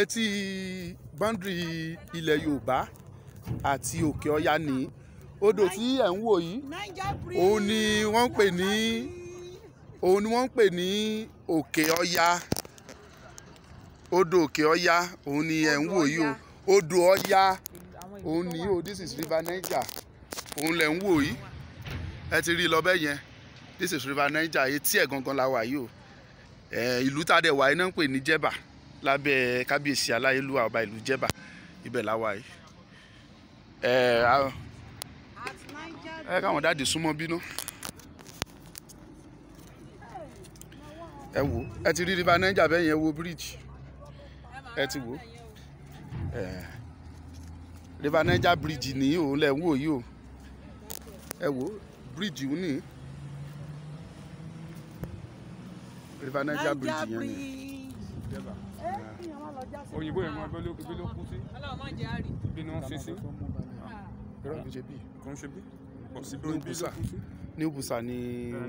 etí bọ́ndìrì ilẹ̀ Yorùbá àti òkè ọya ní odò tí ẹ̀ ń wò yìí òun ni wọ́n ń pè ní òun ni wọ́n ń pè ní òkè ọya odò òkè ọya òun ni ẹ̀ ń wò yìí o odò ọya òun ni o this is river Niger òun lẹ̀ ń wò yìí ẹ ti rí i lọ bẹ́ẹ̀ yẹn this is river Niger etí ẹ̀ gangan la wà yìí o ìlú tá a dẹ̀ wà yìí náà ń pè ní Jẹ̀bà lábẹ́ kábíyèsí aláyélúwà ọba ìlú jẹ́bà ibẹ̀ láwa yìí ẹ ẹ káwọn dáàdì súnmọ́ bínú ẹ wò ẹ ti rí river niger bẹ́ẹ̀ yẹn wo bíríìjì ẹ ti wò ẹ river niger bíríìjì nìyí òun lẹ̀ ń wò yìí o ẹ wò bíríìjì òun nìyí niger bíríìjì yẹn nìyí òyìnbó yẹn mọ bí ló kú sí bí ni wọ́n fi sí. Ah. kò ń ṣe bí kò sí bí ó ń bí sà. ní bùsà ni.